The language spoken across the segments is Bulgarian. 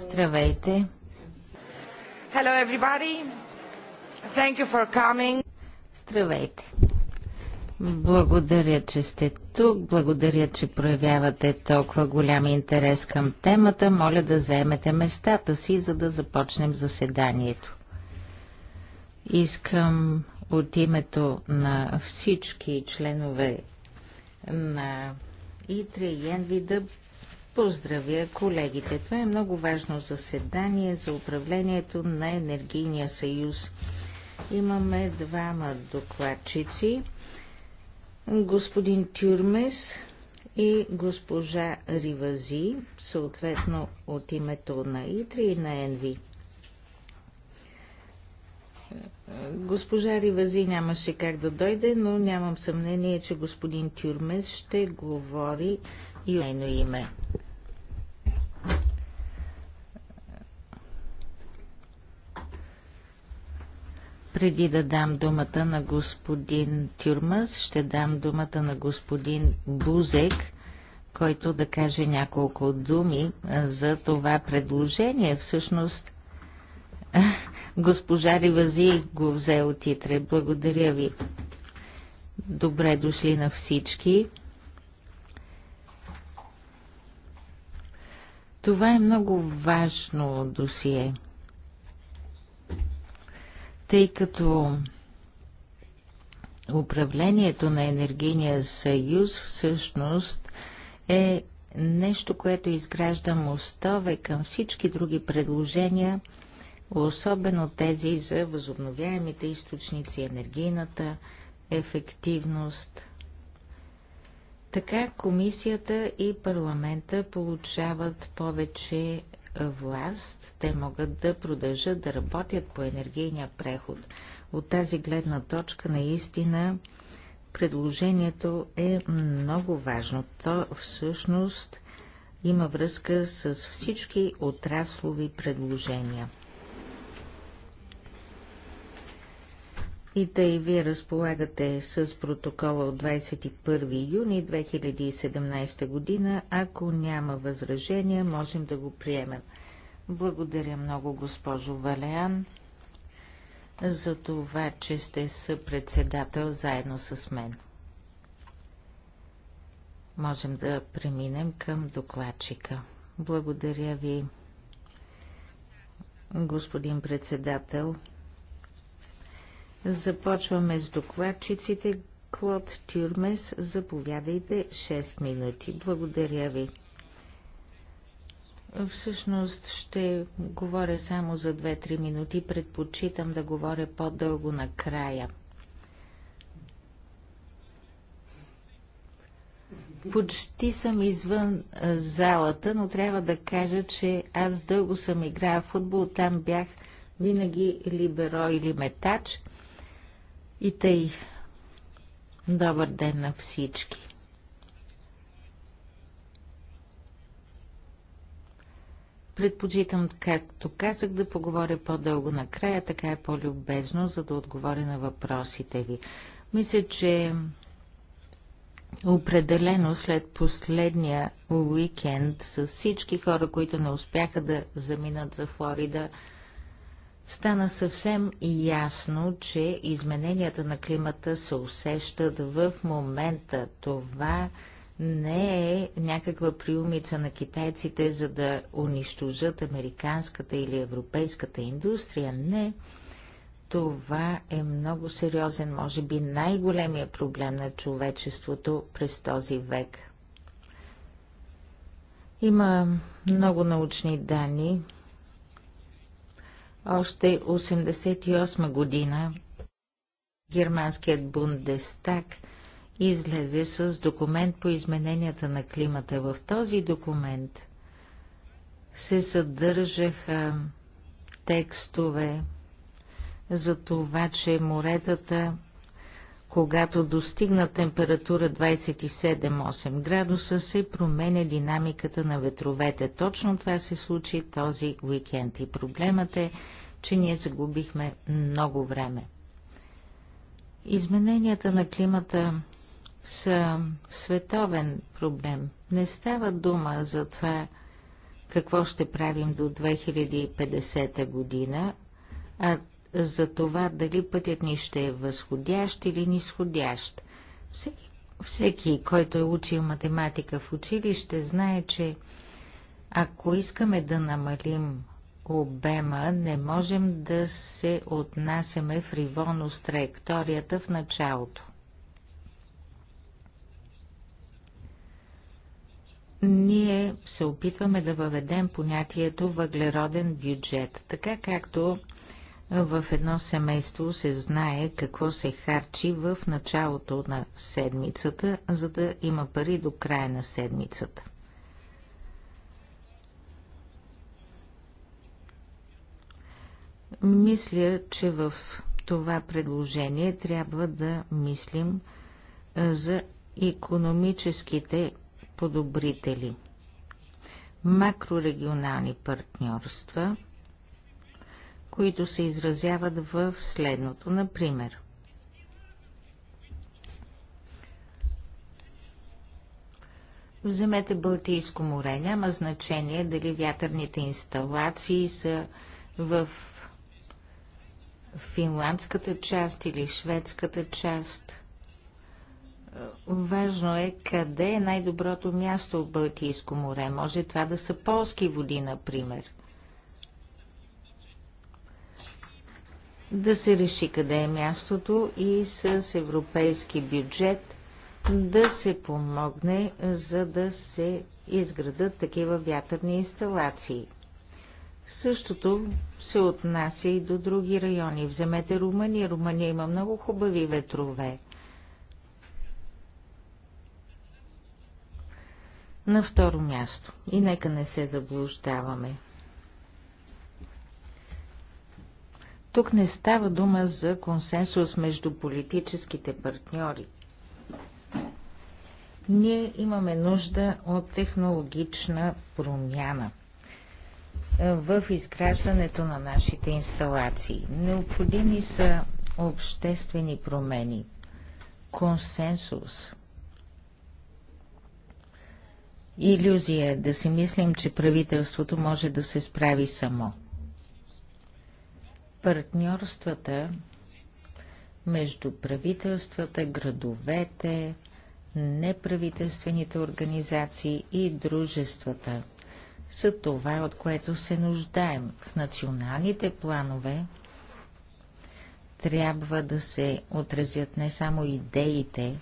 Здравейте! Hello everybody! Thank you for coming. Здравейте! Благодаря, че сте тук. Благодаря, че проявявате толкова голям интерес към темата. Моля да заемете местата си, за да започнем заседанието. Искам от името на всички членове на ИТРЕ и ЕНВИ да поздравя колегите. Това е много важно заседание за управлението на Енергийния съюз. Имаме двама докладчици. Господин Тюрмес и госпожа Ривази, съответно от името на Итри и на Енви. Госпожа Ривази нямаше как да дойде, но нямам съмнение, че господин Тюрмес ще говори и нейно име. Преди да дам думата на господин Тюрмас, ще дам думата на господин Бузек, който да каже няколко думи за това предложение. Всъщност, госпожа Ривази го взе от титре. Благодаря ви. Добре дошли на всички. Това е много важно досие тъй като управлението на енергийния съюз всъщност е нещо, което изгражда мостове към всички други предложения, особено тези за възобновяемите източници, енергийната ефективност. Така комисията и парламента получават повече власт, те могат да продължат да работят по енергийния преход. От тази гледна точка наистина предложението е много важно. То всъщност има връзка с всички отраслови предложения. И тъй вие разполагате с протокола от 21 юни 2017 година. Ако няма възражения, можем да го приемем. Благодаря много, госпожо Валеан, за това, че сте съпредседател заедно с мен. Можем да преминем към докладчика. Благодаря ви, господин председател. Започваме с докладчиците. Клод Тюрмес, заповядайте 6 минути. Благодаря ви. Всъщност ще говоря само за 2-3 минути. Предпочитам да говоря по-дълго накрая. Почти съм извън залата, но трябва да кажа, че аз дълго съм играя в футбол. Там бях винаги либеро или метач – и тъй, добър ден на всички. Предпочитам, както казах, да поговоря по-дълго накрая, така е по-любезно, за да отговоря на въпросите ви. Мисля, че определено след последния уикенд с всички хора, които не успяха да заминат за Флорида – стана съвсем ясно, че измененията на климата се усещат в момента. Това не е някаква приумица на китайците, за да унищожат американската или европейската индустрия. Не. Това е много сериозен, може би най-големия проблем на човечеството през този век. Има много научни данни, още 1988 година германският Бундестаг излезе с документ по измененията на климата. В този документ се съдържаха текстове за това, че моретата когато достигна температура 27-8 градуса, се променя динамиката на ветровете. Точно това се случи този уикенд и проблемът е, че ние загубихме много време. Измененията на климата са световен проблем. Не става дума за това какво ще правим до 2050 година, а за това дали пътят ни ще е възходящ или нисходящ. Всеки, всеки, който е учил математика в училище, знае, че ако искаме да намалим обема, не можем да се отнасяме фриволно с траекторията в началото. Ние се опитваме да въведем понятието въглероден бюджет, така както в едно семейство се знае какво се харчи в началото на седмицата, за да има пари до края на седмицата. Мисля, че в това предложение трябва да мислим за економическите подобрители, макрорегионални партньорства – които се изразяват в следното. Например, Вземете Балтийско море. Няма значение дали вятърните инсталации са в финландската част или шведската част. Важно е къде е най-доброто място в Балтийско море. Може това да са полски води, например. да се реши къде е мястото и с европейски бюджет да се помогне, за да се изградат такива вятърни инсталации. Същото се отнася и до други райони. Вземете Румъния. Румъния има много хубави ветрове. На второ място. И нека не се заблуждаваме. Тук не става дума за консенсус между политическите партньори. Ние имаме нужда от технологична промяна е, в изграждането на нашите инсталации. Необходими са обществени промени, консенсус. Иллюзия е да си мислим, че правителството може да се справи само партньорствата между правителствата, градовете, неправителствените организации и дружествата са това, от което се нуждаем. В националните планове трябва да се отразят не само идеите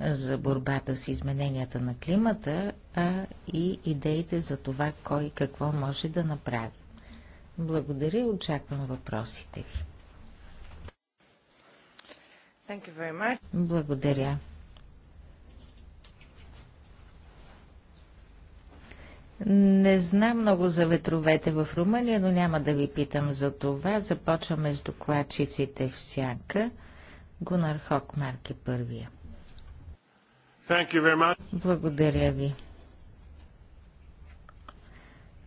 за борбата с измененията на климата, а и идеите за това кой какво може да направи. Благодаря, очаквам въпросите ви. Благодаря. Не знам много за ветровете в Румъния, но няма да ви питам за това. Започваме с докладчиците в сянка. Гунар Хокмарк е първия. Благодаря ви.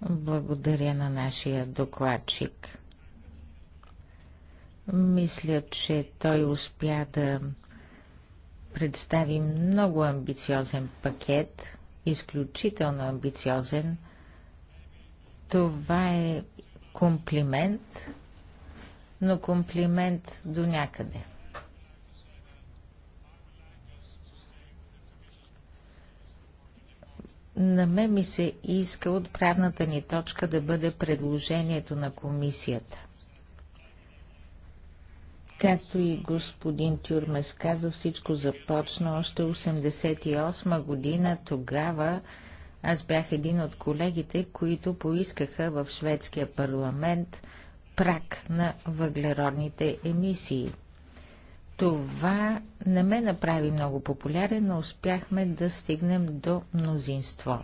Благодаря на нашия докладчик. Мисля, че той успя да представи много амбициозен пакет, изключително амбициозен. Това е комплимент, но комплимент до някъде. На мен ми се иска отправната ни точка да бъде предложението на комисията. Както и господин Тюрмес каза, всичко започна още 88 година. Тогава аз бях един от колегите, които поискаха в шведския парламент прак на въглеродните емисии – това не ме направи много популярен, но успяхме да стигнем до мнозинство.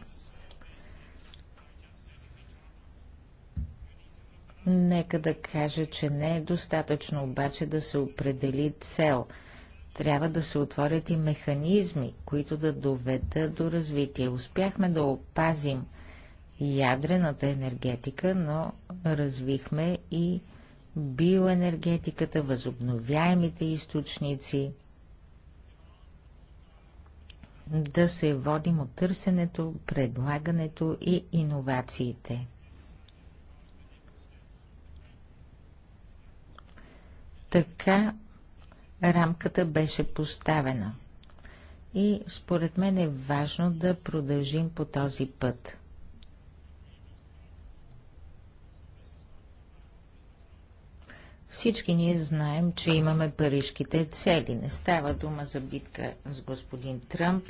Нека да кажа, че не е достатъчно обаче да се определи цел. Трябва да се отворят и механизми, които да доведат до развитие. Успяхме да опазим ядрената енергетика, но развихме и биоенергетиката, възобновяемите източници, да се водим от търсенето, предлагането и иновациите. Така рамката беше поставена. И според мен е важно да продължим по този път. Всички ние знаем, че имаме парижките цели. Не става дума за битка с господин Тръмп.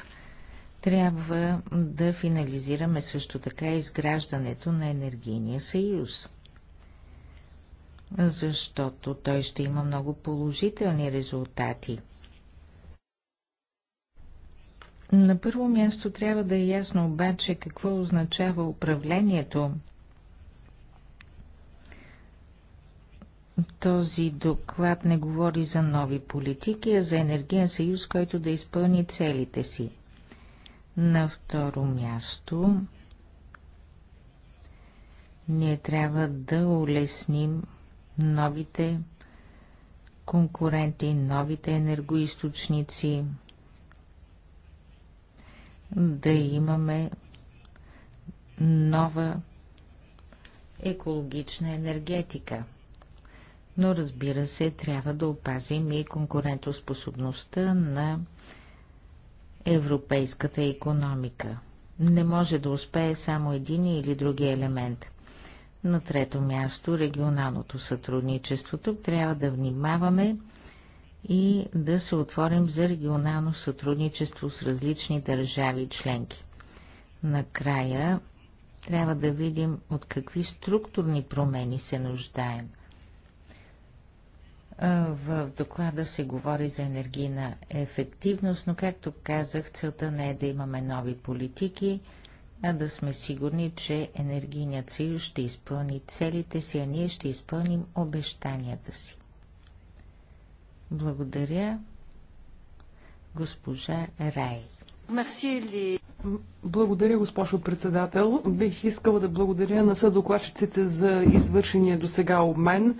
Трябва да финализираме също така изграждането на енергийния съюз защото той ще има много положителни резултати. На първо място трябва да е ясно обаче какво означава управлението този доклад не говори за нови политики, а за енергиен съюз, който да изпълни целите си. На второ място, ние трябва да улесним новите конкуренти, новите енергоисточници, да имаме нова екологична енергетика – но разбира се, трябва да опазим и конкурентоспособността на европейската економика. Не може да успее само един или други елемент. На трето място регионалното сътрудничество. Тук трябва да внимаваме и да се отворим за регионално сътрудничество с различни държави и членки. Накрая трябва да видим от какви структурни промени се нуждаем – в доклада се говори за енергийна ефективност, но както казах, целта не е да имаме нови политики, а да сме сигурни, че енергийният съюз ще изпълни целите си, а ние ще изпълним обещанията си. Благодаря, госпожа Рай. благодаря, госпожо председател. Бих искала да благодаря на съдокладчиците за извършения до сега обмен.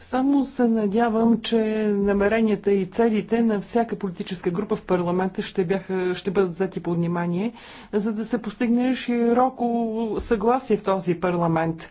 Само се надявам, че намеренията и целите на всяка политическа група в парламента ще, бяха, ще бъдат взети под внимание, за да се постигне широко съгласие в този парламент.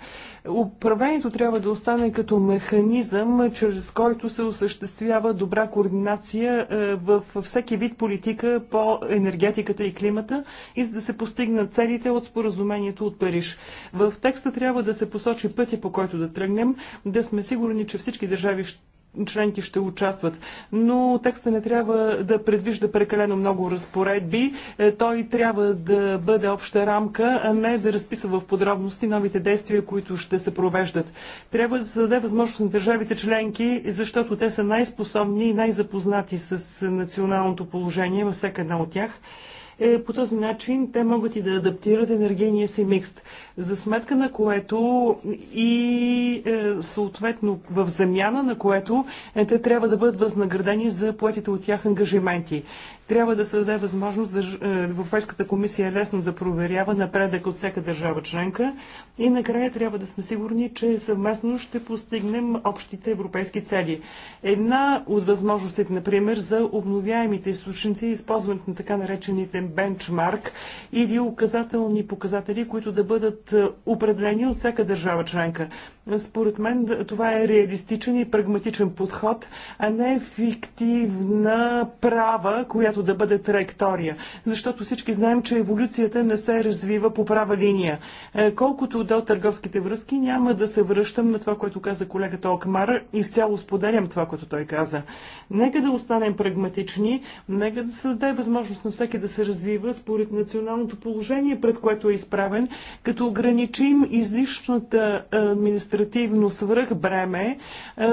Управлението трябва да остане като механизъм, чрез който се осъществява добра координация във е, всеки вид политика по енергетиката и климата и за да се постигнат целите от споразумението от Париж. В текста трябва да се посочи пътя, по който да тръгнем, да сме сигурни, че всички държави ще членки ще участват. Но текста не трябва да предвижда прекалено много разпоредби. Е, той трябва да бъде обща рамка, а не да разписва в подробности новите действия, които ще се провеждат. Трябва да се даде възможност на държавите членки, защото те са най-способни и най-запознати с националното положение във всяка една от тях. Е, по този начин те могат и да адаптират енергийния си микс, за сметка на което и е, съответно в замяна на което е, те трябва да бъдат възнаградени за поетите от тях ангажименти. Трябва да се даде възможност е, Европейската комисия лесно да проверява напредък от всяка държава членка и накрая трябва да сме сигурни, че съвместно ще постигнем общите европейски цели. Една от възможностите, например, за обновяемите източници, е използването на така наречените бенчмарк или указателни показатели, които да бъдат е, определени от всяка държава членка. Според мен това е реалистичен и прагматичен подход, а не фиктивна права, която да бъде траектория. Защото всички знаем, че еволюцията не се развива по права линия. Е, колкото до търговските връзки, няма да се връщам на това, което каза колегата Окмар. Изцяло споделям това, което той каза. Нека да останем прагматични, нека да се даде възможност на всеки да се развива според националното положение, пред което е изправен, като ограничим излишната е, администрация административно свръхбреме, е,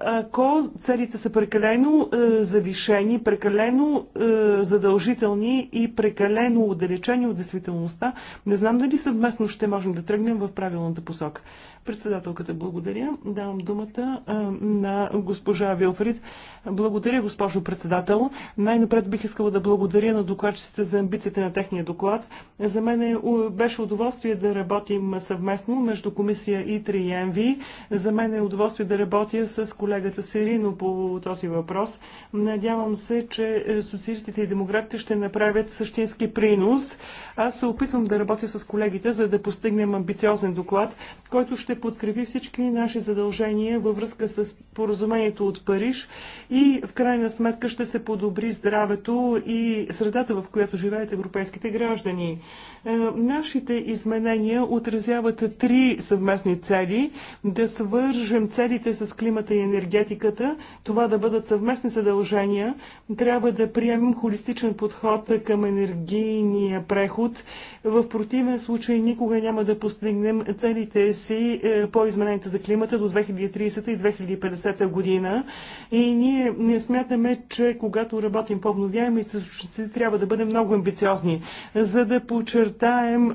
ако целите са прекалено е, завишени, прекалено е, задължителни и прекалено отдалечени от действителността, не знам дали съвместно ще можем да тръгнем в правилната посока. Председателката, благодаря. Давам думата на госпожа Вилфрид. Благодаря, госпожо председател. Най-напред бих искала да благодаря на докладчиците за амбициите на техния доклад. За мен е беше удоволствие да работим съвместно между комисия и и ЕНВИ. За мен е удоволствие да работя с колегата Сирино по този въпрос. Надявам се, че социалистите и демократите ще направят същински принос. Аз се опитвам да работя с колегите, за да постигнем амбициозен доклад, който ще подкрепи всички наши задължения във връзка с поразумението от Париж и в крайна сметка ще се подобри здравето и средата, в която живеят европейските граждани. Е, нашите изменения отразяват три съвместни цели. Да свържем целите с климата и енергетиката, това да бъдат съвместни задължения. Трябва да приемем холистичен подход към енергийния преход преход. В противен случай никога няма да постигнем целите си е, по измененията за климата до 2030 и 2050 година. И ние не смятаме, че когато работим по обновяеми източници, трябва да бъдем много амбициозни, за да подчертаем е,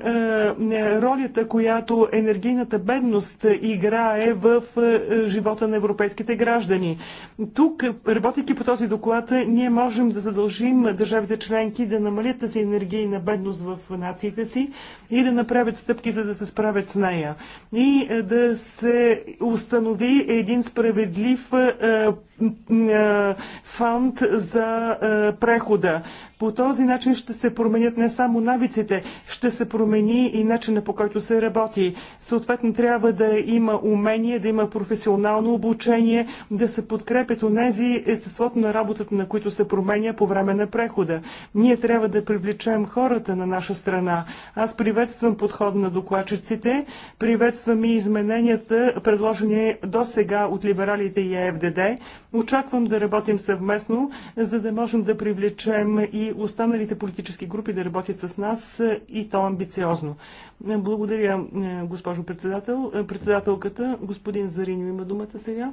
е, ролята, която енергийната бедност играе в живота на европейските граждани. Тук, работейки по този доклад, ние можем да задължим държавите членки да намалят тази енергийна бедност в в нациите си и да направят стъпки, за да се справят с нея. И е, да се установи един справедлив е, е, фонд за прехода. По този начин ще се променят не само навиците, ще се промени и начина по който се работи. Съответно трябва да има умение, да има професионално обучение, да се подкрепят онези естеството на работата, на които се променя по време на прехода. Ние трябва да привлечем хората на нашата наша страна. Аз приветствам подход на докладчиците, приветствам и измененията, предложени до сега от либералите и ЕФДД. Очаквам да работим съвместно, за да можем да привлечем и останалите политически групи да работят с нас и то амбициозно. Благодаря, е, госпожо председател. Председателката, господин Зариньо има думата сега.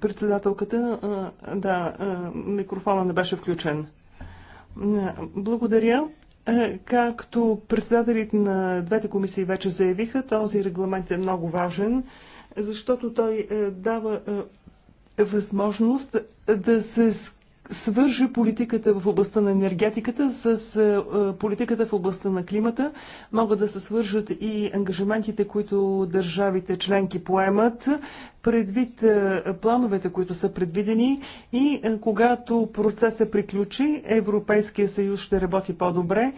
Председателката, да, микрофона не беше включен. Благодаря. Както председателите на двете комисии вече заявиха, този регламент е много важен, защото той е, дава е, възможност да се Свърже политиката в областта на енергетиката с е, е, политиката в областта на климата. Могат да се свържат и ангажиментите, които държавите членки поемат, предвид е, плановете, които са предвидени и когато процесът приключи, Европейския съюз ще работи по-добре.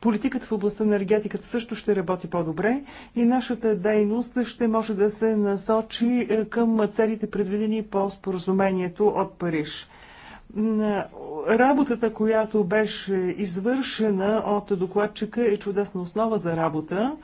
Политиката в областта на енергетиката също ще работи по-добре и нашата дейност ще може да се насочи към целите предвидени по споразумението от Париж. Работата, която беше извършена от докладчика е чудесна основа за работа.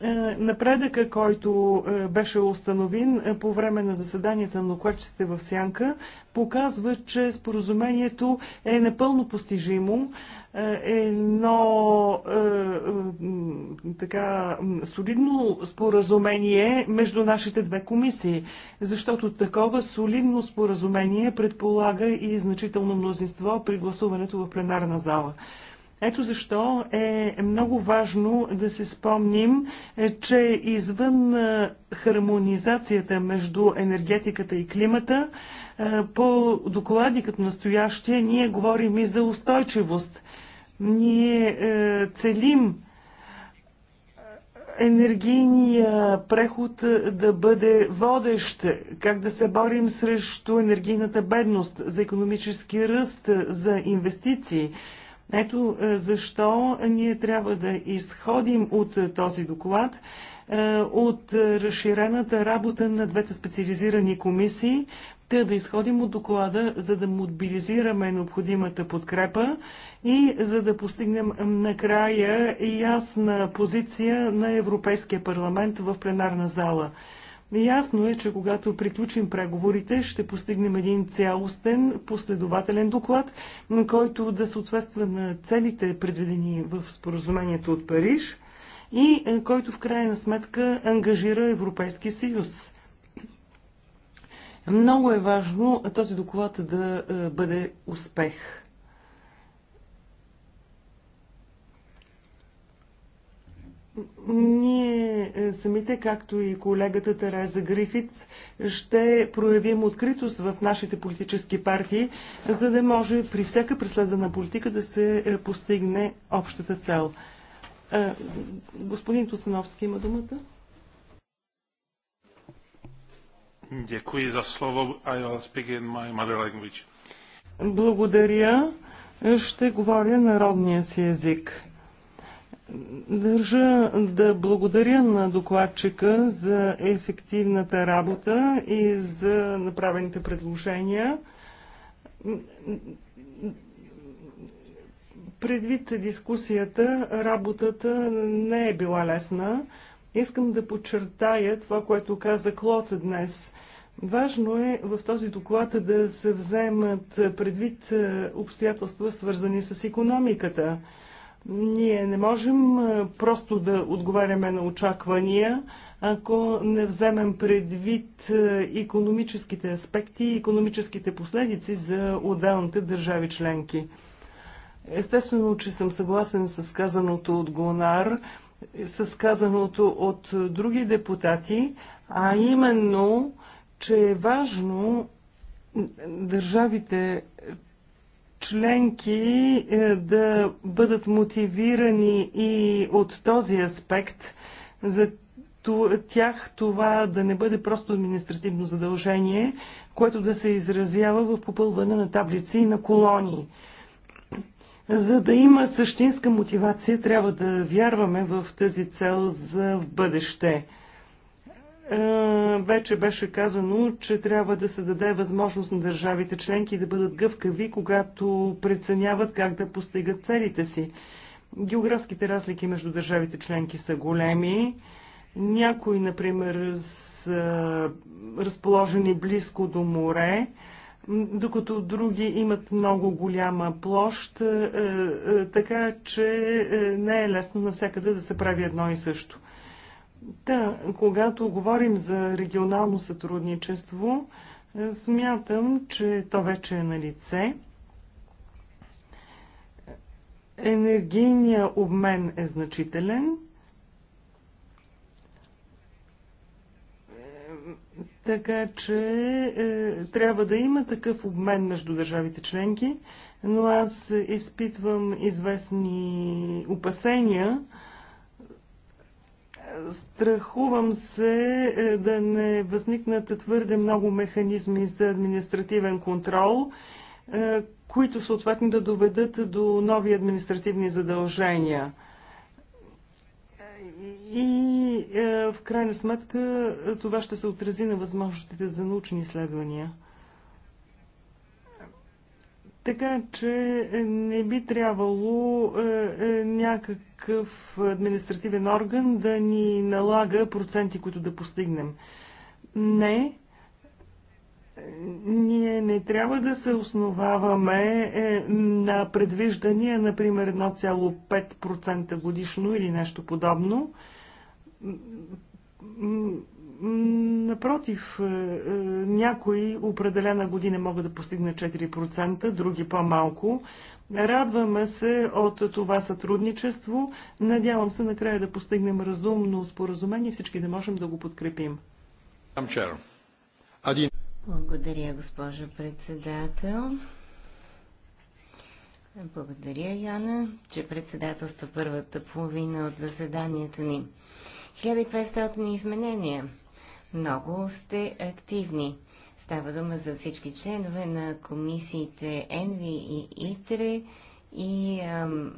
Е, напредъка, който е, беше установен е, по време на заседанията на докладчиците в Сянка, показва, че споразумението е напълно постижимо. Е едно е, така солидно споразумение между нашите две комисии, защото такова солидно споразумение предполага и значително мнозинство при гласуването в пленарна зала. Ето защо е много важно да се спомним, е, че извън хармонизацията между енергетиката и климата, по доклади като настоящия ние говорим и за устойчивост – ние е, целим енергийния преход е, да бъде водещ, как да се борим срещу енергийната бедност, за економически ръст, е, за инвестиции. Ето защо ние трябва да изходим от този доклад, от разширената работа на двете специализирани комисии, Та да изходим от доклада, за да мобилизираме необходимата подкрепа и за да постигнем накрая ясна позиция на Европейския парламент в пленарна зала. Ясно е, че когато приключим преговорите, ще постигнем един цялостен, последователен доклад, който да съответства на целите, предвидени в споразумението от Париж и е, който в крайна сметка ангажира Европейски съюз. Много е важно този доклад да е, бъде успех. Ние е, самите, както и колегата Тереза Грифиц, ще проявим откритост в нашите политически партии, за да може при всяка преследвана политика да се е, постигне общата цел. Господин Тосановски има думата. Děkuji za slovo. I'll speak in my mother language. Благодаря. Ще говоря народния си език. Държа да благодаря на докладчика за ефективната работа и за направените предложения. Предвид дискусията, работата не е била лесна. Искам да подчертая това, което каза Клод днес. Важно е в този доклад да се вземат предвид е, обстоятелства, свързани с економиката. Ние не можем е, просто да отговаряме на очаквания, ако не вземем предвид економическите аспекти и економическите последици за отделните държави членки. Естествено, че съм съгласен с казаното от Гонар, с казаното от други депутати, а именно че е важно държавите членки е, да бъдат мотивирани и от този аспект за тях това да не бъде просто административно задължение, което да се изразява в попълване на таблици и на колони. За да има същинска мотивация, трябва да вярваме в тази цел за в бъдеще. Е, вече беше казано, че трябва да се даде възможност на държавите членки да бъдат гъвкави, когато преценяват как да постигат целите си. Географските разлики между държавите членки са големи. Някои, например, са разположени близко до море, докато други имат много голяма площ, е, е, така че не е лесно навсякъде да се прави едно и също да, когато говорим за регионално сътрудничество, е, смятам, че то вече е на лице. Енергийният обмен е значителен. Така че е, трябва да има такъв обмен между държавите членки, но аз изпитвам известни опасения, Страхувам се е, да не възникнат твърде много механизми за административен контрол, е, които съответно да доведат до нови административни задължения. И е, в крайна сметка това ще се отрази на възможностите за научни изследвания. Така че не би трябвало е, е, някакъв административен орган да ни налага проценти, които да постигнем. Не, ние не трябва да се основаваме е, на предвиждания, например 1,5% годишно или нещо подобно. Напротив, е, е, някои определена година могат да постигнат 4%, други по-малко. Радваме се от това сътрудничество. Надявам се накрая да постигнем разумно споразумение и всички да можем да го подкрепим. Благодаря, госпожа председател. Благодаря, Яна, че председателства първата половина от заседанието ни. 1500 изменения много сте активни. Става дума за всички членове на комисиите Енви и ИТРЕ и ам,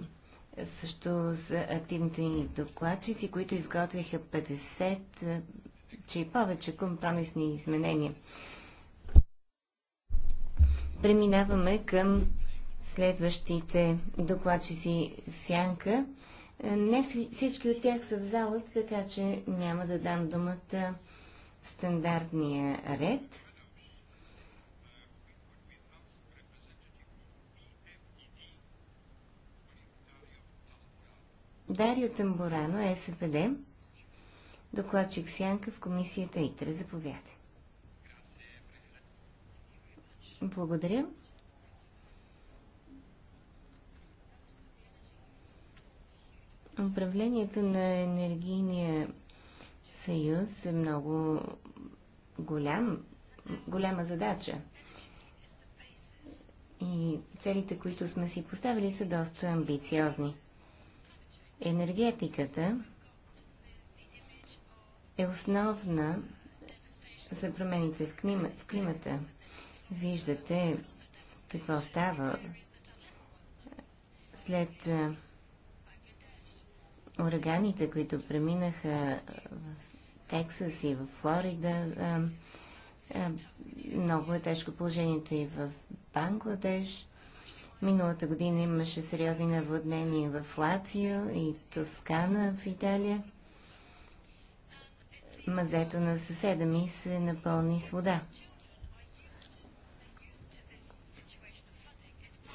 също за активните ни докладчици, които изготвиха 50, че и повече компромисни изменения. Преминаваме към следващите докладчици сянка. Не всички от тях са в залата, така че няма да дам думата стандартния ред. Дарио Тамбурано, СПД, докладчик Сянка в комисията ИТРА. Заповядайте. Благодаря. Управлението на енергийния съюз е много голям, голяма задача. И целите, които сме си поставили, са доста амбициозни. Енергетиката е основна за промените в, клима, в климата. Виждате какво става след ураганите, които преминаха в Тексас и в Флорида, много е тежко положението и в Бангладеш. Миналата година имаше сериозни наводнения в Лацио и Тоскана в Италия. Мазето на съседа ми се напълни с вода.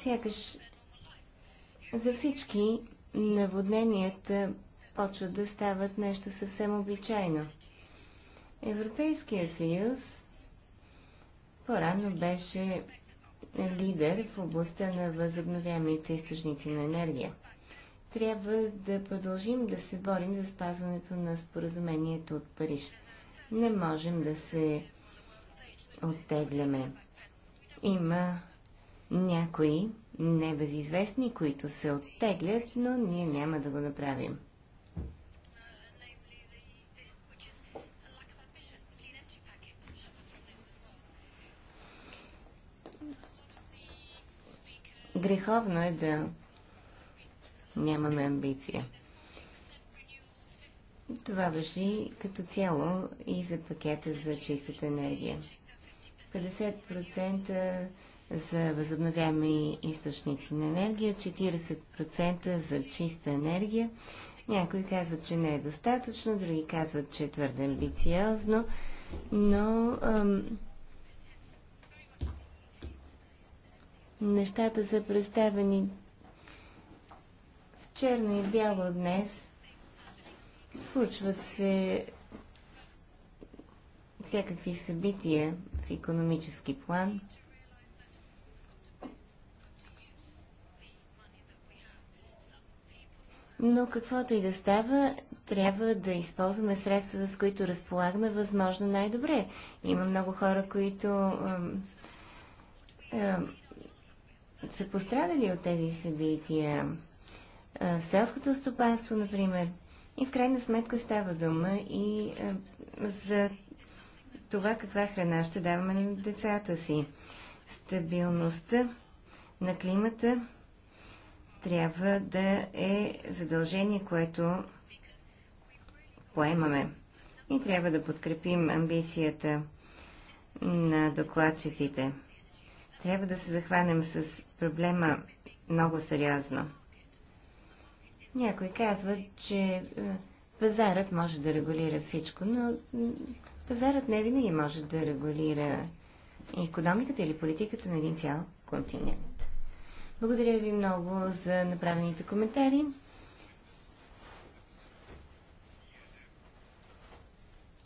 Сякаш за всички наводненията почват да стават нещо съвсем обичайно. Европейския съюз по-рано беше лидер в областта на възобновяемите източници на енергия. Трябва да продължим да се борим за спазването на споразумението от Париж. Не можем да се оттегляме. Има някои небезизвестни, които се оттеглят, но ние няма да го направим. Греховно е да нямаме амбиция. Това въжи като цяло и за пакета за чистата енергия. 50% за възобновяеми източници на енергия, 40% за чиста енергия. Някои казват, че не е достатъчно, други казват, че е твърде амбициозно, но ам, нещата са представени в черно и бяло днес. Случват се всякакви събития в економически план – Но каквото и да става, трябва да използваме средства, с които разполагаме, възможно най-добре. Има много хора, които а, а, са пострадали от тези събития. А, селското стопанство, например. И в крайна сметка става дума и за това каква храна ще даваме на децата си. Стабилността на климата трябва да е задължение, което поемаме. И трябва да подкрепим амбицията на докладчиците. Трябва да се захванем с проблема много сериозно. Някой казва, че е, пазарът може да регулира всичко, но пазарът не винаги може да регулира економиката или политиката на един цял континент. Благодаря ви много за направените коментари.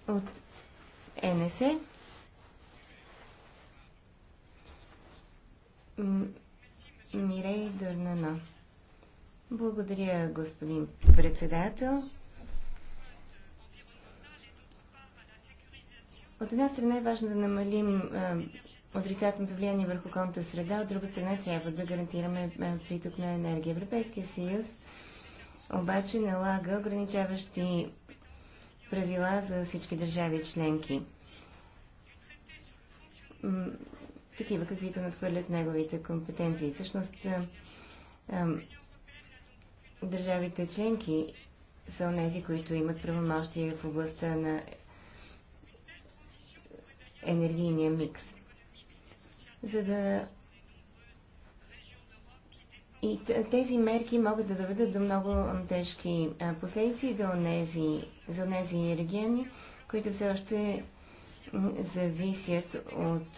От НСЕ. Мирей Дърнано. Благодаря, господин председател. От една страна е важно да намалим отрицателното влияние върху околната среда, от друга страна трябва да гарантираме приток на енергия. Европейския съюз обаче налага ограничаващи правила за всички държави членки. Такива, каквито надхвърлят неговите компетенции. Всъщност, държавите членки са онези, които имат правомощия в областта на енергийния микс за да и тези мерки могат да доведат до много тежки последици за онези, за онези региони, които все още зависят от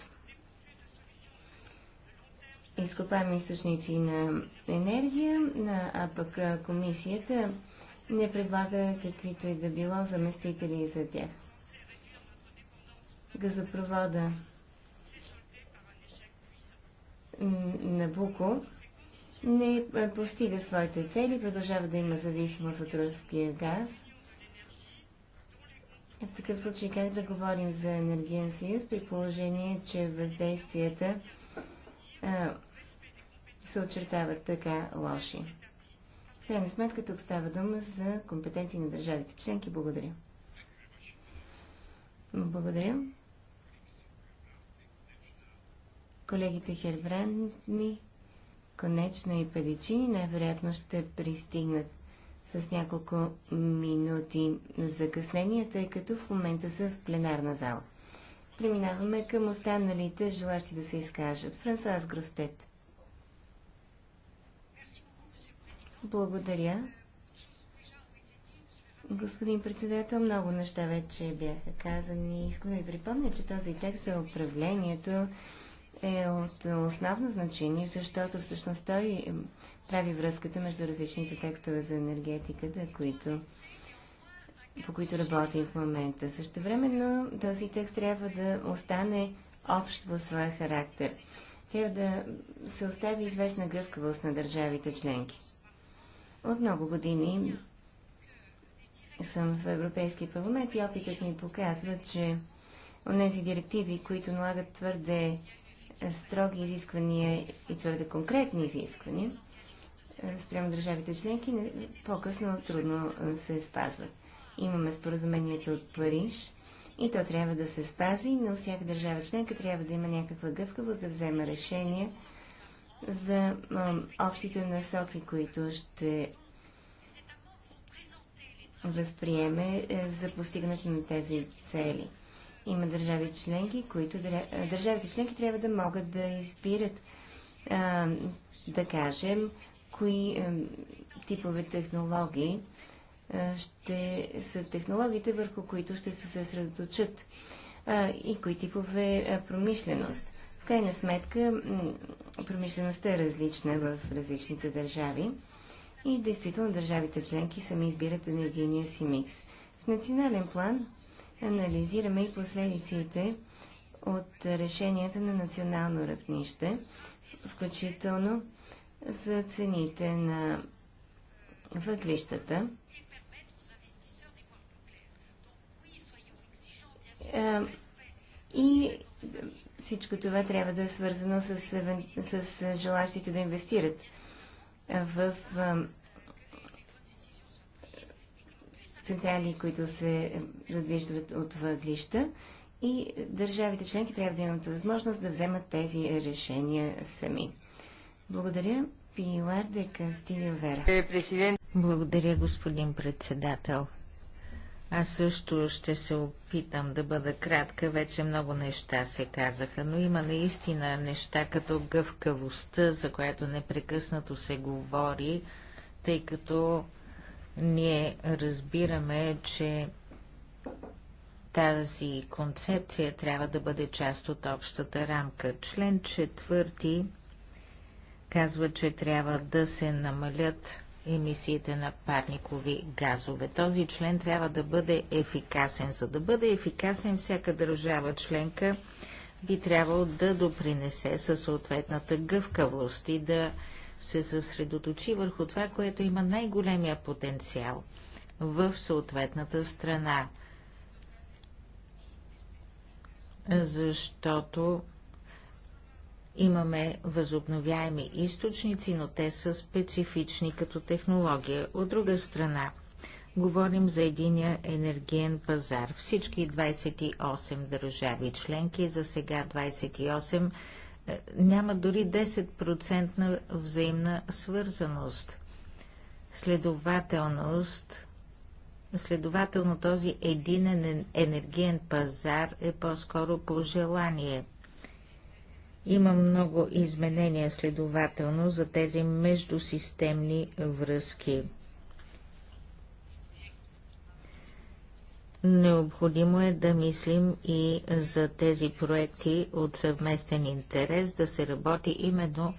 изкопаеми източници на енергия, а пък комисията не предлага каквито и да било заместители за тях. Газопровода Набуко не е, постига своите цели, продължава да има зависимост от руския газ. В такъв случай как да говорим за енергиен съюз при положение, че въздействията а, се очертават така лоши? В крайна сметка тук става дума за компетенции на държавите членки. Благодаря. Благодаря. Колегите Хербрандни, Конечна и Педичини най-вероятно ще пристигнат с няколко минути закъснение, тъй като в момента са в пленарна зала. Преминаваме към останалите желащи да се изкажат. Франсуаз Гростет. Благодаря. Господин председател, много неща вече бяха казани. Искам да ви припомня, че този текст е управлението е от основно значение, защото всъщност той прави връзката между различните текстове за енергетиката, които, по които работим в момента. Също времено този текст трябва да остане общ по своя характер. Трябва да се остави известна гъвкавост на държавите членки. От много години съм в Европейския парламент и опитът ми показва, че тези директиви, които налагат твърде строги изисквания и твърде конкретни изисквания спрямо държавите членки, по-късно трудно се спазват. Имаме споразумението от Париж и то трябва да се спази, но всяка държава членка трябва да има някаква гъвкавост да вземе решение за общите насоки, които ще възприеме за постигането на тези цели. Има държави членки, които държавите членки трябва да могат да избират, да кажем, кои типове технологии ще са технологиите, върху които ще се съсредоточат и кои типове промишленост. В крайна сметка, промишлеността е различна в различните държави и действително държавите членки сами избират енергийния си микс. В национален план анализираме и последиците от решенията на национално равнище, включително за цените на въглищата. И всичко това трябва да е свързано с, с желащите да инвестират в централи, които се задвижват от въглища и държавите членки трябва да имат възможност да вземат тези решения сами. Благодаря. Пилар де Кастилио Вера. Е, Благодаря, господин председател. Аз също ще се опитам да бъда кратка. Вече много неща се казаха, но има наистина неща като гъвкавостта, за която непрекъснато се говори, тъй като ние разбираме, че тази концепция трябва да бъде част от общата рамка. Член четвърти казва, че трябва да се намалят емисиите на парникови газове. Този член трябва да бъде ефикасен. За да бъде ефикасен, всяка държава членка би трябвало да допринесе със съответната гъвкавост и да се съсредоточи върху това, което има най-големия потенциал в съответната страна. Защото имаме възобновяеми източници, но те са специфични като технология. От друга страна, говорим за единия енергиен пазар. Всички 28 държави членки, за сега 28 е, няма дори 10% взаимна свързаност. Следователност, следователно този единен енергиен пазар е по-скоро пожелание. Има много изменения следователно за тези междусистемни връзки. Необходимо е да мислим и за тези проекти от съвместен интерес, да се работи именно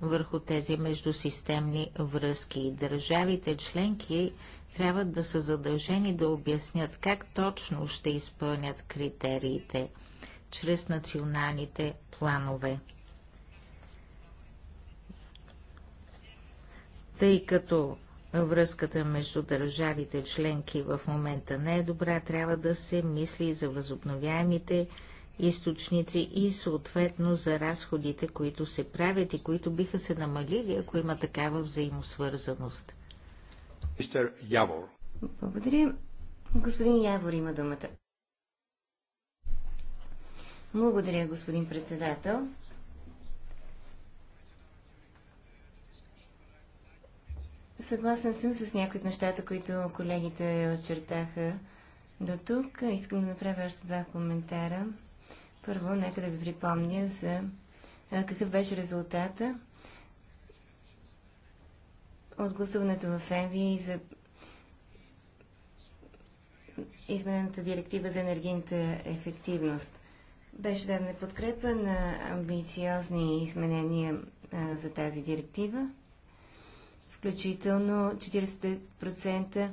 върху тези междусистемни връзки. Държавите членки трябва да са задължени да обяснят как точно ще изпълнят критериите чрез националните планове. Тъй като Връзката между държавите членки в момента не е добра, трябва да се мисли и за възобновяемите източници и съответно за разходите, които се правят и които биха се намалили, ако има такава взаимосвързаност. Мистер Явор. Благодаря. Господин Явор има думата. Благодаря, господин председател. Съгласна съм с някои от нещата, които колегите очертаха до тук. Искам да направя още два коментара. Първо, нека да ви припомня за какъв беше резултата от гласуването в ЕНВИ и за изменената директива за енергийната ефективност. Беше дадена подкрепа на амбициозни изменения за тази директива включително 40%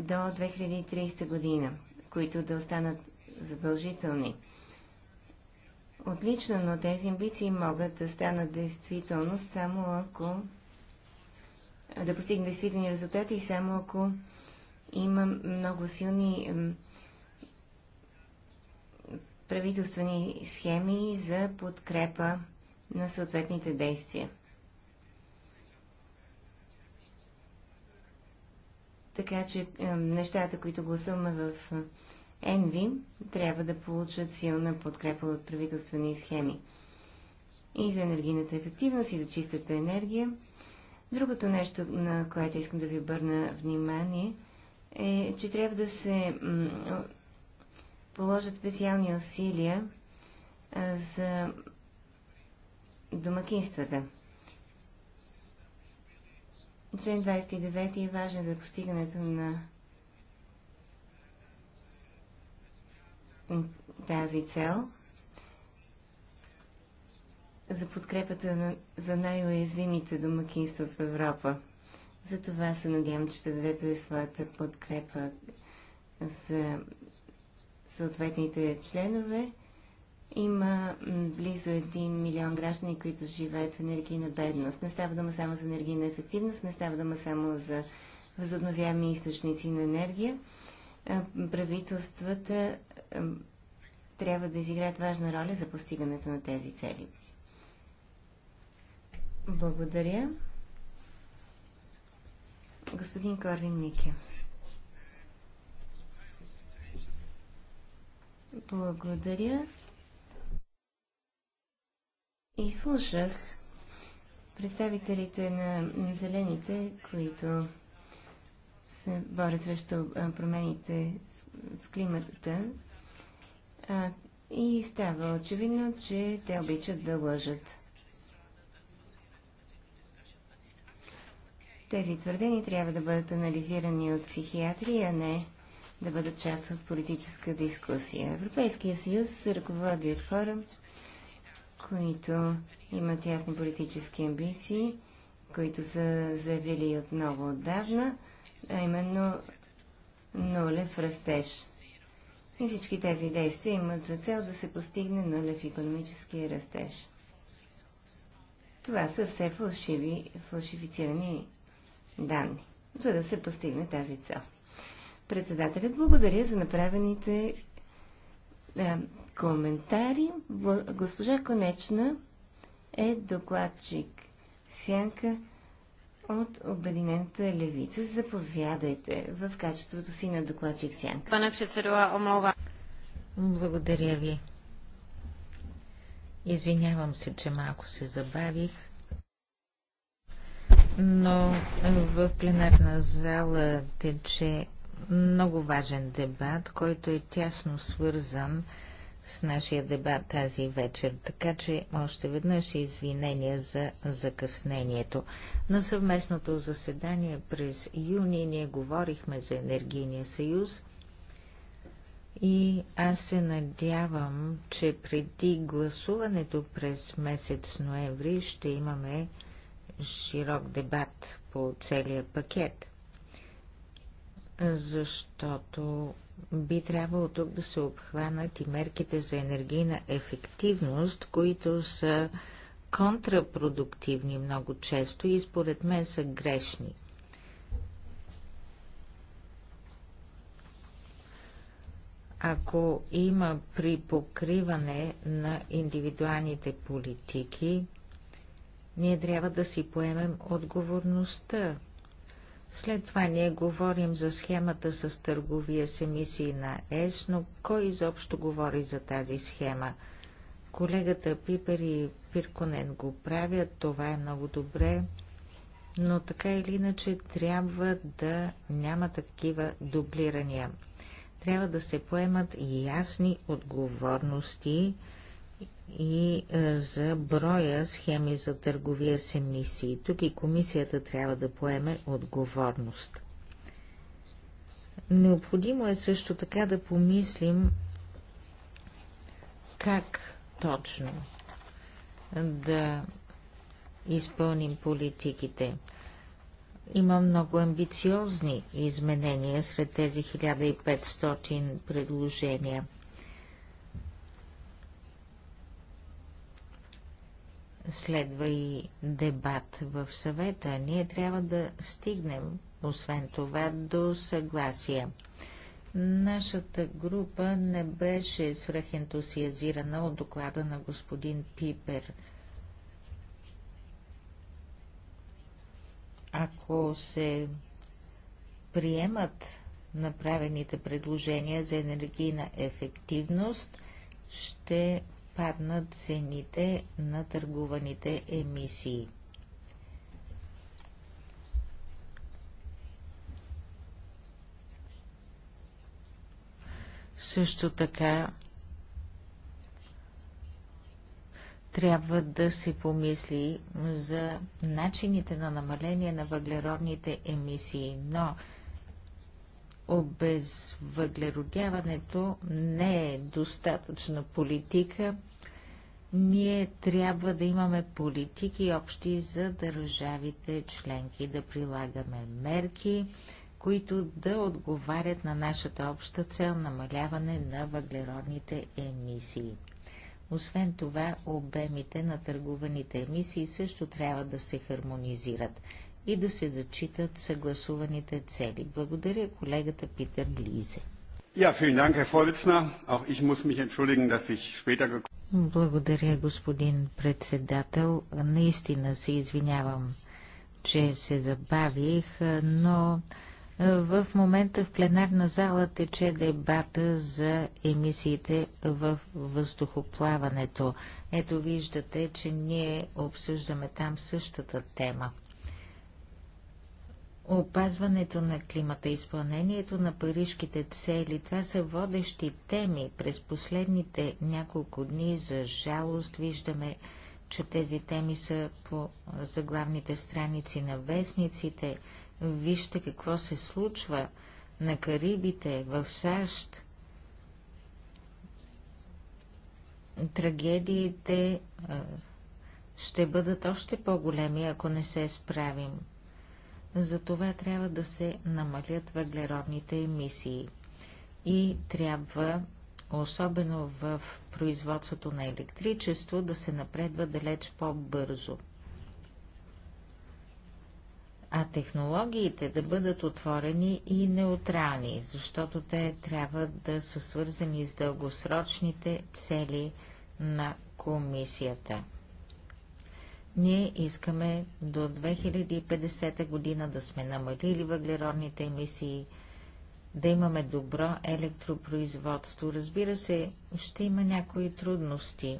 до 2030 година, които да останат задължителни. Отлично, но тези амбиции могат да станат действително само ако да постигне действителни резултати и само ако има много силни правителствени схеми за подкрепа на съответните действия. Така че нещата, които гласуваме в Енви, трябва да получат силна подкрепа от правителствени схеми. И за енергийната ефективност, и за чистата енергия. Другото нещо, на което искам да ви обърна внимание, е, че трябва да се положат специални усилия за домакинствата. Член 29 е важен за постигането на тази цел за подкрепата на, за най-уязвимите домакинства в Европа. За това се надявам, че ще дадете своята подкрепа за съответните членове има близо 1 милион граждани, които живеят в енергийна бедност. Не става дума само за енергийна ефективност, не става дума само за възобновяеми източници на енергия. Правителствата трябва да изиграят важна роля за постигането на тези цели. Благодаря. Господин Корвин Мике. Благодаря. Изслушах представителите на зелените, които се борят срещу промените в климата. и става очевидно, че те обичат да лъжат. Тези твърдения трябва да бъдат анализирани от психиатри, а не да бъдат част от политическа дискусия. Европейския съюз се ръководи от хора, които имат ясни политически амбиции, които са заявили отново отдавна, а именно нулев растеж. И всички тези действия имат за цел да се постигне нулев економически растеж. Това са все фалшиви, фалшифицирани данни, за да се постигне тази цел. Председателят благодаря за направените коментари. Госпожа Конечна е докладчик Сянка от Обединената левица. Заповядайте в качеството си на докладчик Сянка. Пане председова, омлова. Благодаря ви. Извинявам се, че малко се забавих, но в пленарна зала тече много важен дебат, който е тясно свързан с с нашия дебат тази вечер, така че още веднъж извинения за закъснението. На съвместното заседание през юни ние говорихме за Енергийния съюз и аз се надявам, че преди гласуването през месец ноември ще имаме широк дебат по целия пакет, защото би трябвало тук да се обхванат и мерките за енергийна ефективност, които са контрапродуктивни много често и според мен са грешни. Ако има при покриване на индивидуалните политики, ние трябва да си поемем отговорността след това ние говорим за схемата с търговия с емисии на ЕС, но кой изобщо говори за тази схема? Колегата Пипер и Пирконен го правят, това е много добре, но така или иначе трябва да няма такива дублирания. Трябва да се поемат ясни отговорности, и е, за броя схеми за търговия с емисии. Тук и комисията трябва да поеме отговорност. Необходимо е също така да помислим как точно да изпълним политиките. Има много амбициозни изменения сред тези 1500 предложения – Следва и дебат в съвета. Ние трябва да стигнем, освен това, до съгласие. Нашата група не беше свръхентусиазирана от доклада на господин Пипер. Ако се приемат направените предложения за енергийна ефективност, ще паднат цените на търгуваните емисии. Също така трябва да се помисли за начините на намаление на въглеродните емисии, но обезвъглеродяването не е достатъчна политика. Ние трябва да имаме политики общи за държавите членки, да прилагаме мерки, които да отговарят на нашата обща цел намаляване на въглеродните емисии. Освен това, обемите на търгуваните емисии също трябва да се хармонизират и да се зачитат съгласуваните цели. Благодаря колегата Питер Лизе. Ja, vielen Dank, Herr Vorsitzender. Auch ich muss mich entschuldigen, dass ich später gekommen благодаря, господин председател. Наистина се извинявам, че се забавих, но в момента в пленарна зала тече дебата за емисиите в въздухоплаването. Ето виждате, че ние обсъждаме там същата тема опазването на климата, изпълнението на парижките цели, това са водещи теми. През последните няколко дни, за жалост, виждаме, че тези теми са по заглавните страници на вестниците. Вижте какво се случва на Карибите, в САЩ. Трагедиите ще бъдат още по-големи, ако не се справим. Затова трябва да се намалят въглеродните емисии. И трябва, особено в производството на електричество, да се напредва далеч по-бързо. А технологиите да бъдат отворени и неутрални, защото те трябва да са свързани с дългосрочните цели на комисията. Ние искаме до 2050 година да сме намалили въглеродните емисии, да имаме добро електропроизводство. Разбира се, ще има някои трудности.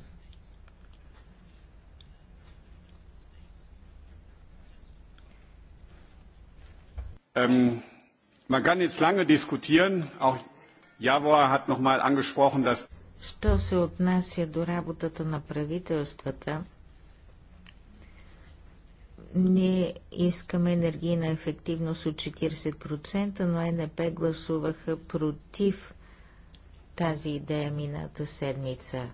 man kann jetzt lange diskutieren. Auch Javor hat nochmal angesprochen, dass Що се отнася до работата на правителствата, ние искаме енергийна ефективност от 40%, но НП гласуваха против тази идея мината седмица.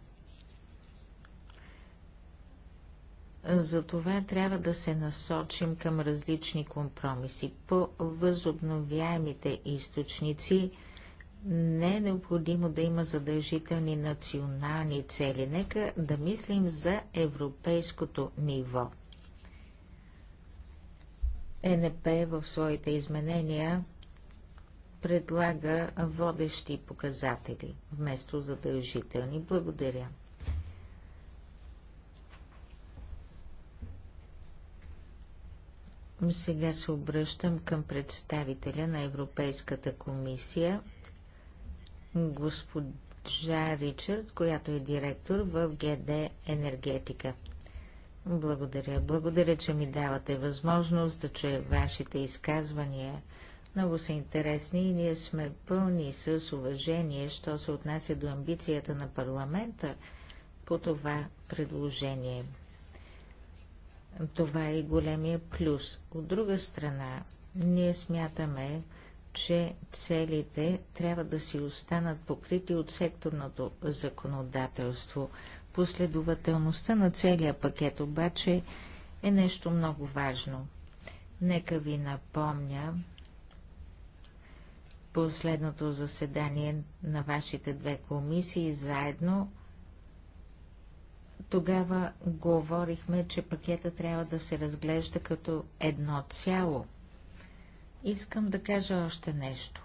Затова трябва да се насочим към различни компромиси. По възобновяемите източници не е необходимо да има задължителни национални цели. Нека да мислим за европейското ниво – ЕНП в своите изменения предлага водещи показатели вместо задължителни. Благодаря. Сега се обръщам към представителя на Европейската комисия, госпожа Ричард, която е директор в ГД Енергетика. Благодаря. Благодаря, че ми давате възможност да чуя вашите изказвания. Много са интересни и ние сме пълни с уважение, що се отнася до амбицията на парламента по това предложение. Това е и големия плюс. От друга страна, ние смятаме, че целите трябва да си останат покрити от секторното законодателство – Последователността на целия пакет обаче е нещо много важно. Нека ви напомня последното заседание на вашите две комисии заедно. Тогава говорихме, че пакета трябва да се разглежда като едно цяло. Искам да кажа още нещо.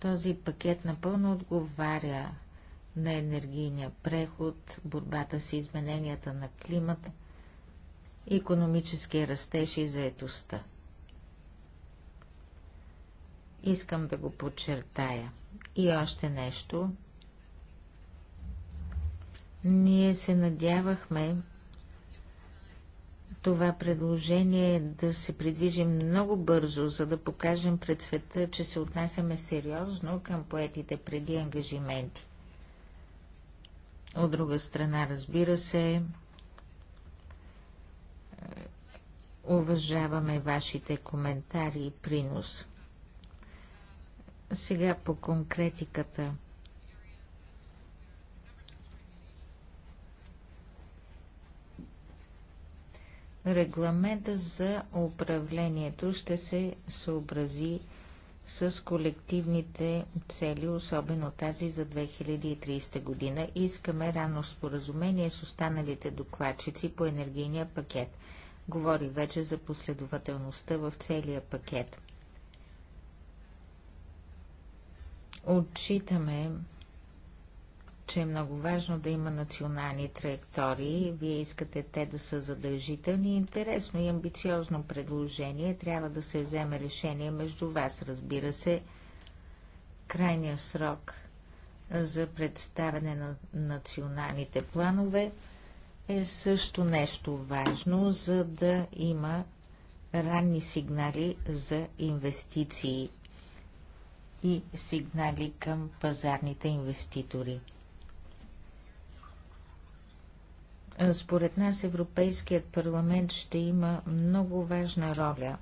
Този пакет напълно отговаря на енергийния преход, борбата с измененията на климата, економическия растеж и заетостта. Искам да го подчертая. И още нещо. Ние се надявахме това предложение да се придвижи много бързо, за да покажем пред света, че се отнасяме сериозно към поетите преди ангажименти. От друга страна, разбира се, е, уважаваме вашите коментари и принос. Сега по конкретиката. Регламента за управлението ще се съобрази с колективните цели, особено тази за 2030 година. Искаме рано споразумение с останалите докладчици по енергийния пакет. Говори вече за последователността в целия пакет. Отчитаме че е много важно да има национални траектории. Вие искате те да са задължителни. Интересно и амбициозно предложение. Трябва да се вземе решение между вас, разбира се. Крайния срок за представяне на националните планове е също нещо важно, за да има ранни сигнали за инвестиции и сигнали към пазарните инвеститори. Е, според нас Европейският парламент ще има много важна роля.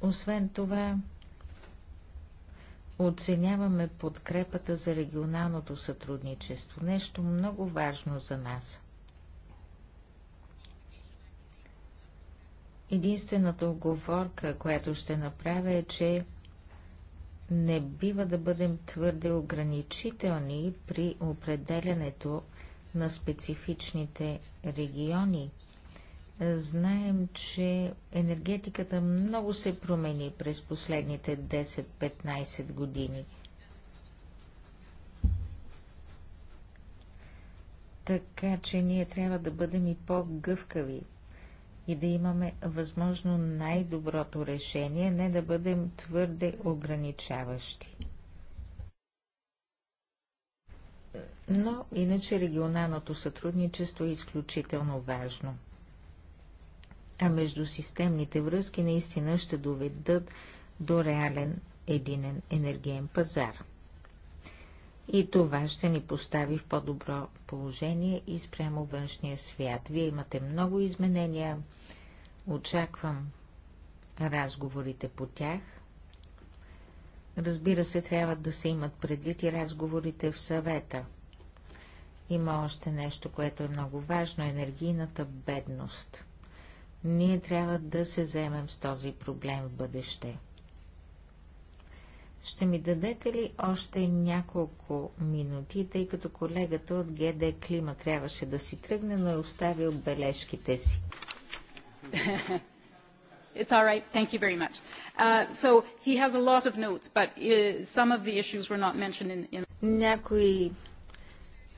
Освен това, оценяваме подкрепата за регионалното сътрудничество. Нещо много важно за нас. Единствената оговорка, която ще направя е, че не бива да бъдем твърде ограничителни при определянето на специфичните региони. Знаем, че енергетиката много се промени през последните 10-15 години. Така че ние трябва да бъдем и по-гъвкави и да имаме възможно най-доброто решение, не да бъдем твърде ограничаващи. Но иначе регионалното сътрудничество е изключително важно. А междусистемните връзки наистина ще доведат до реален единен енергиен пазар. И това ще ни постави в по-добро положение и спрямо външния свят. Вие имате много изменения. Очаквам разговорите по тях. Разбира се, трябва да се имат предвид и разговорите в съвета. Има още нещо, което е много важно – енергийната бедност. Ние трябва да се заемем с този проблем в бъдеще. Ще ми дадете ли още няколко минути, тъй като колегата от ГД Клима трябваше да си тръгне, но е оставил бележките си? It's all right. Thank you very much. Uh, so he has a lot of notes, but uh, some of the issues were not mentioned in. in Някои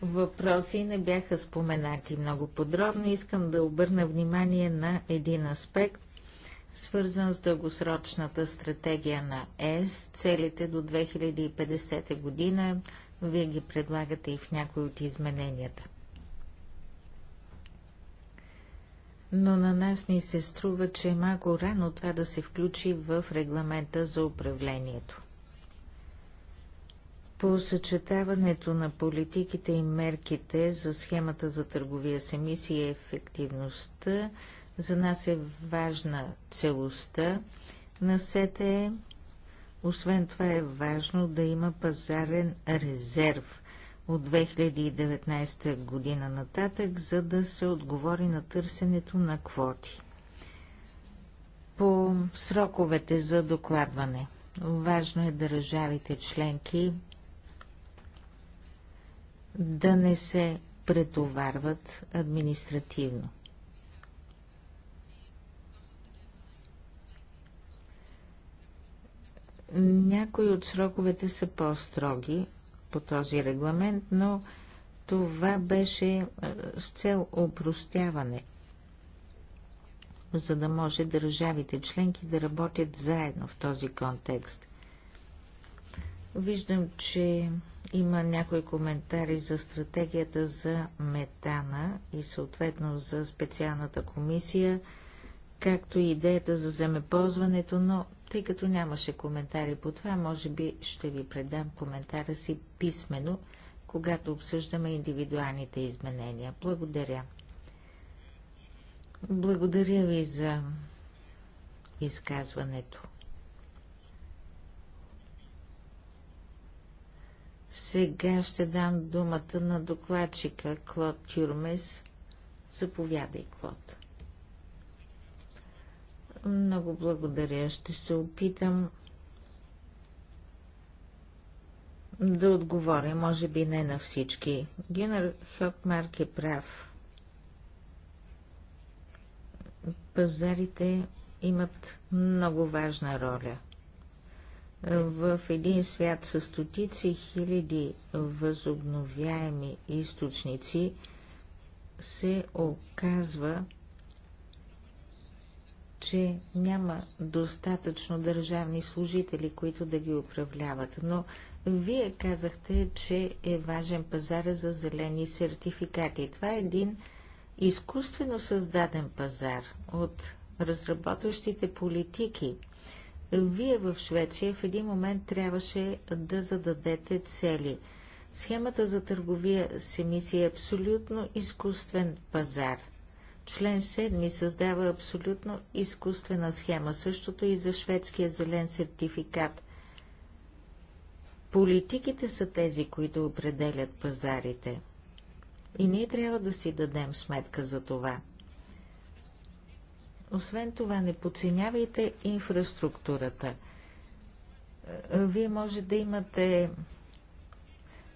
въпроси не бяха споменати много подробно. Искам да обърна внимание на един аспект, свързан с дългосрочната стратегия на ЕС, целите до 2050 година. Вие ги предлагате и в някои от измененията. но на нас ни се струва, че е малко рано това да се включи в регламента за управлението. По съчетаването на политиките и мерките за схемата за търговия с емисии и ефективността, за нас е важна целостта на СТЕ. Освен това е важно да има пазарен резерв от 2019 година нататък, за да се отговори на търсенето на квоти. По сроковете за докладване. Важно е държавите членки да не се претоварват административно. Някои от сроковете са по-строги по този регламент, но това беше е, с цел опростяване, за да може държавите членки да работят заедно в този контекст. Виждам, че има някои коментари за стратегията за метана и съответно за специалната комисия, както и идеята за земеползването, но тъй като нямаше коментари по това, може би ще ви предам коментара си писменно, когато обсъждаме индивидуалните изменения. Благодаря. Благодаря ви за изказването. Сега ще дам думата на докладчика Клод Тюрмес. Заповядай, Клод. Много благодаря. Ще се опитам да отговоря, може би не на всички. Генер Хокмарк е прав. Пазарите имат много важна роля. В един свят с стотици хиляди възобновяеми източници се оказва, че няма достатъчно държавни служители, които да ги управляват. Но вие казахте, че е важен пазара за зелени сертификати. Това е един изкуствено създаден пазар от разработващите политики. Вие в Швеция в един момент трябваше да зададете цели. Схемата за търговия с емисии е абсолютно изкуствен пазар. Член 7 създава абсолютно изкуствена схема, същото и за шведския зелен сертификат. Политиките са тези, които определят пазарите. И ние трябва да си дадем сметка за това. Освен това, не подценявайте инфраструктурата. Вие може да имате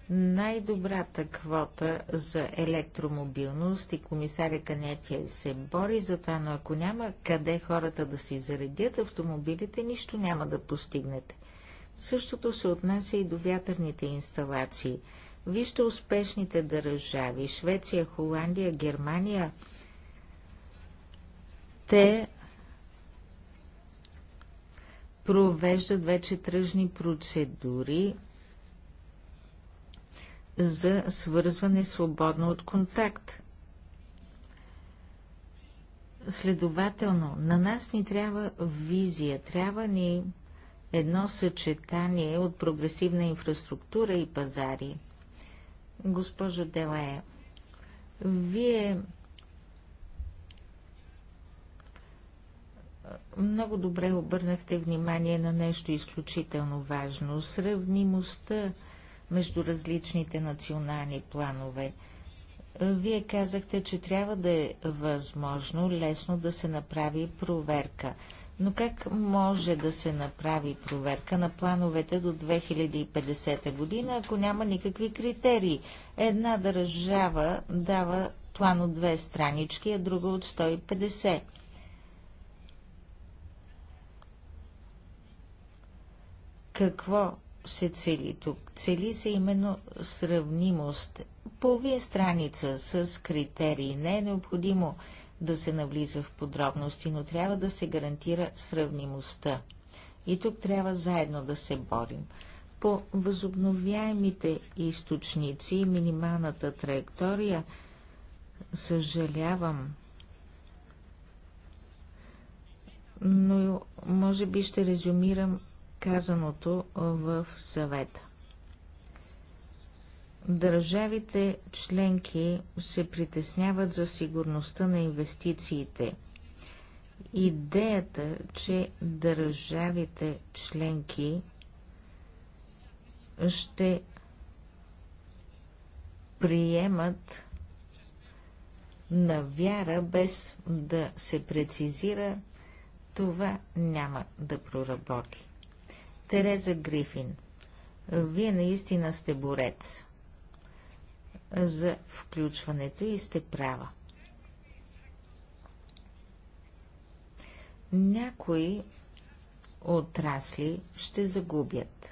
най-добрата квота за електромобилност и комисаря Канетия се бори за това, но ако няма къде хората да си заредят автомобилите, нищо няма да постигнете. Същото се отнася и до вятърните инсталации. Вижте успешните държави – Швеция, Холандия, Германия. Те провеждат вече тръжни процедури за свързване свободно от контакт. Следователно, на нас ни трябва визия, трябва ни едно съчетание от прогресивна инфраструктура и пазари. Госпожо Делае, вие много добре обърнахте внимание на нещо изключително важно – сравнимостта между различните национални планове. Е, вие казахте, че трябва да е възможно лесно да се направи проверка. Но как може да се направи проверка на плановете до 2050 година, ако няма никакви критерии? Една държава дава план от две странички, а друга от 150. Какво се цели тук? Цели се именно сравнимост. Половин е страница с критерии. Не е необходимо да се навлиза в подробности, но трябва да се гарантира сравнимостта. И тук трябва заедно да се борим. По възобновяемите източници и минималната траектория, съжалявам, но може би ще резюмирам казаното в съвета. Държавите членки се притесняват за сигурността на инвестициите. Идеята, че държавите членки ще приемат на вяра, без да се прецизира, това няма да проработи. Тереза Грифин, вие наистина сте борец за включването и сте права. Някои отрасли ще загубят.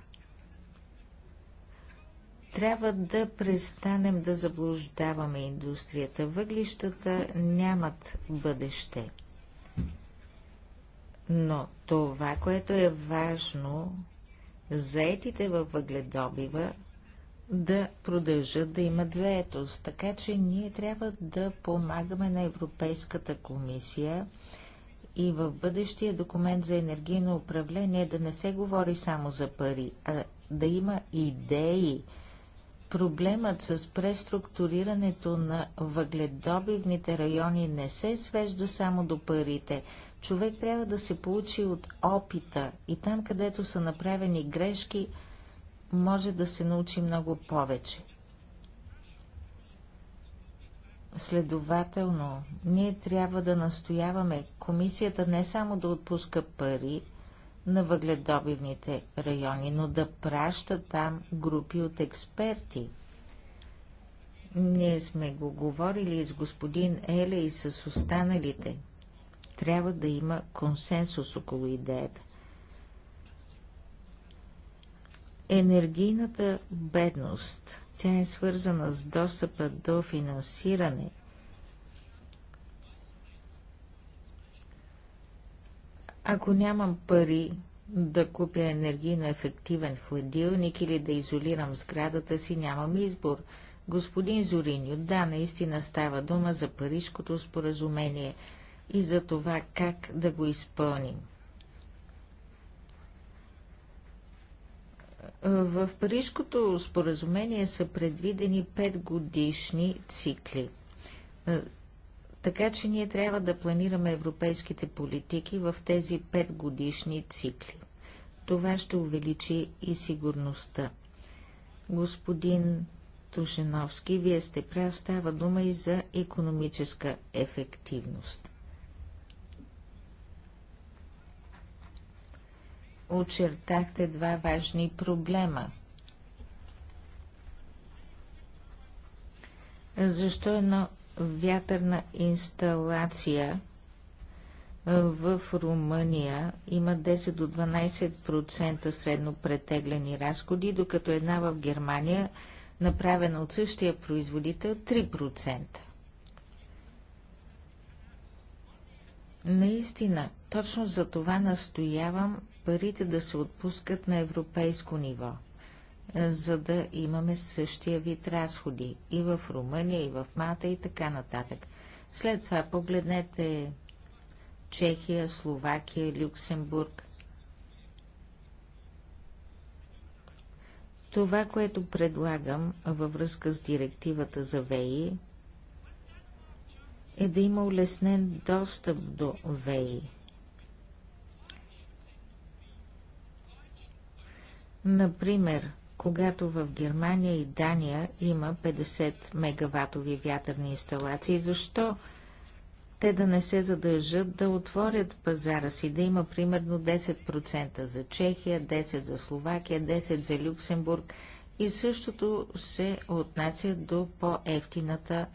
Трябва да престанем да заблуждаваме индустрията. Въглищата нямат бъдеще – но това, което е важно, заетите във въгледобива да продължат да имат заетост. Така че ние трябва да помагаме на Европейската комисия и в бъдещия документ за енергийно управление да не се говори само за пари, а да има идеи. Проблемът с преструктурирането на въгледобивните райони не се свежда само до парите. Човек трябва да се получи от опита и там, където са направени грешки, може да се научи много повече. Следователно, ние трябва да настояваме комисията не само да отпуска пари на въгледобивните райони, но да праща там групи от експерти. Ние сме го говорили с господин Еле и с останалите. Трябва да има консенсус около идеята. Енергийната бедност, тя е свързана с достъпа до финансиране. Ако нямам пари да купя енергийно ефективен хладилник или да изолирам сградата си, нямам избор. Господин Зориньо, да, наистина става дума за парижското споразумение – и за това как да го изпълним. В парижското споразумение са предвидени 5 годишни цикли. Е, така че ние трябва да планираме европейските политики в тези 5 годишни цикли. Това ще увеличи и сигурността. Господин Тушеновски, вие сте прав, става дума и за економическа ефективност. очертахте два важни проблема. Защо едно вятърна инсталация в Румъния има 10 до 12% средно претеглени разходи, докато една в Германия, направена от същия производител, 3%. Наистина, точно за това настоявам парите да се отпускат на европейско ниво, е, за да имаме същия вид разходи и в Румъния, и в Мата, и така нататък. След това погледнете Чехия, Словакия, Люксембург. Това, което предлагам във връзка с директивата за ВЕИ, е да има улеснен достъп до ВЕИ. Например, когато в Германия и Дания има 50 мегаватови вятърни инсталации, защо те да не се задържат да отворят пазара си, да има примерно 10% за Чехия, 10% за Словакия, 10% за Люксембург и същото се отнася до по-ефтината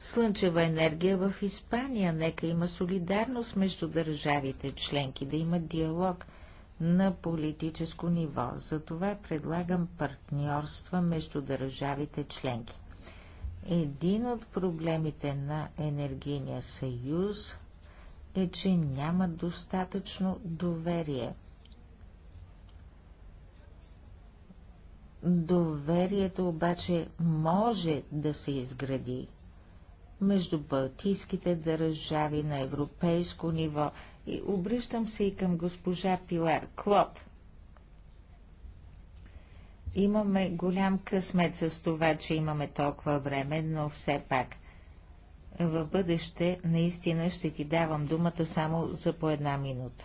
слънчева енергия в Испания. Нека има солидарност между държавите членки, да има диалог – на политическо ниво. Затова предлагам партньорства между държавите членки. Един от проблемите на енергийния съюз е, че няма достатъчно доверие. Доверието обаче може да се изгради между балтийските държави на европейско ниво и обръщам се и към госпожа Пилар. Клод, имаме голям късмет с това, че имаме толкова време, но все пак в бъдеще наистина ще ти давам думата само за по една минута.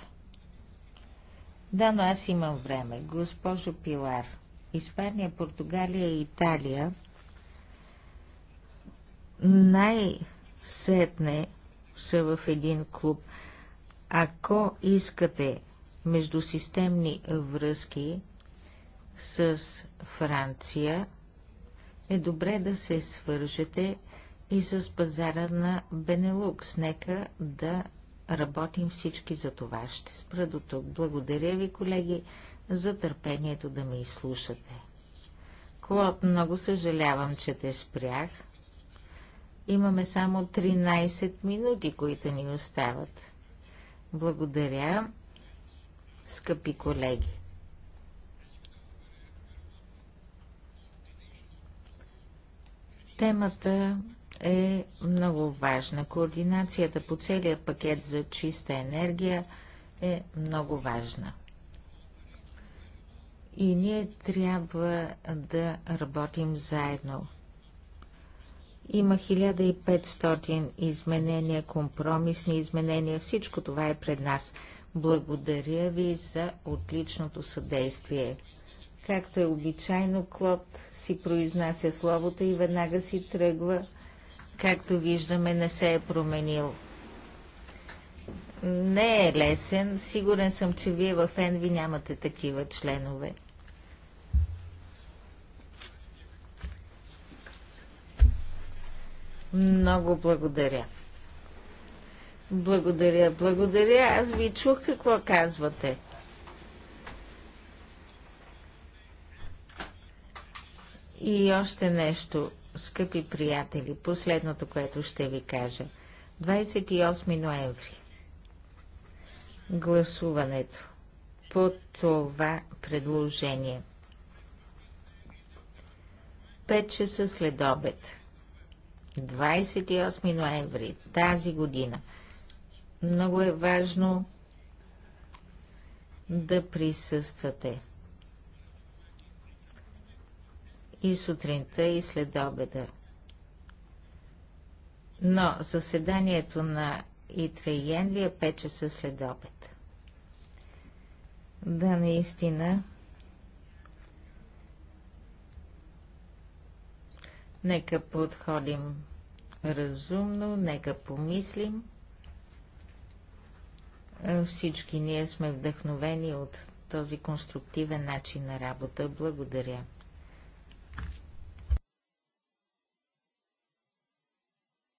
Да, но аз имам време. Госпожо Пилар, Испания, Португалия и Италия най-сетне са в един клуб – ако искате междусистемни връзки с Франция, е добре да се свържете и с пазара на Бенелукс. Нека да работим всички за това. Ще спра до тук. Благодаря ви, колеги, за търпението да ме изслушате. Клод, много съжалявам, че те спрях. Имаме само 13 минути, които ни остават. Благодаря, скъпи колеги. Темата е много важна. Координацията по целия пакет за чиста енергия е много важна. И ние трябва да работим заедно. Има 1500 изменения, компромисни изменения. Всичко това е пред нас. Благодаря ви за отличното съдействие. Както е обичайно, Клод си произнася словото и веднага си тръгва. Както виждаме, не се е променил. Не е лесен. Сигурен съм, че вие в Енви нямате такива членове. Много благодаря. Благодаря, благодаря. Аз ви чух какво казвате. И още нещо, скъпи приятели, последното, което ще ви кажа. 28 ноември. Гласуването по това предложение. 5 часа след обед. 28 ноември тази година. Много е важно да присъствате. И сутринта, и след обеда. Но заседанието на Итреенли е 5 часа след обед. Да, наистина. Нека подходим разумно, нека помислим. Всички ние сме вдъхновени от този конструктивен начин на работа. Благодаря.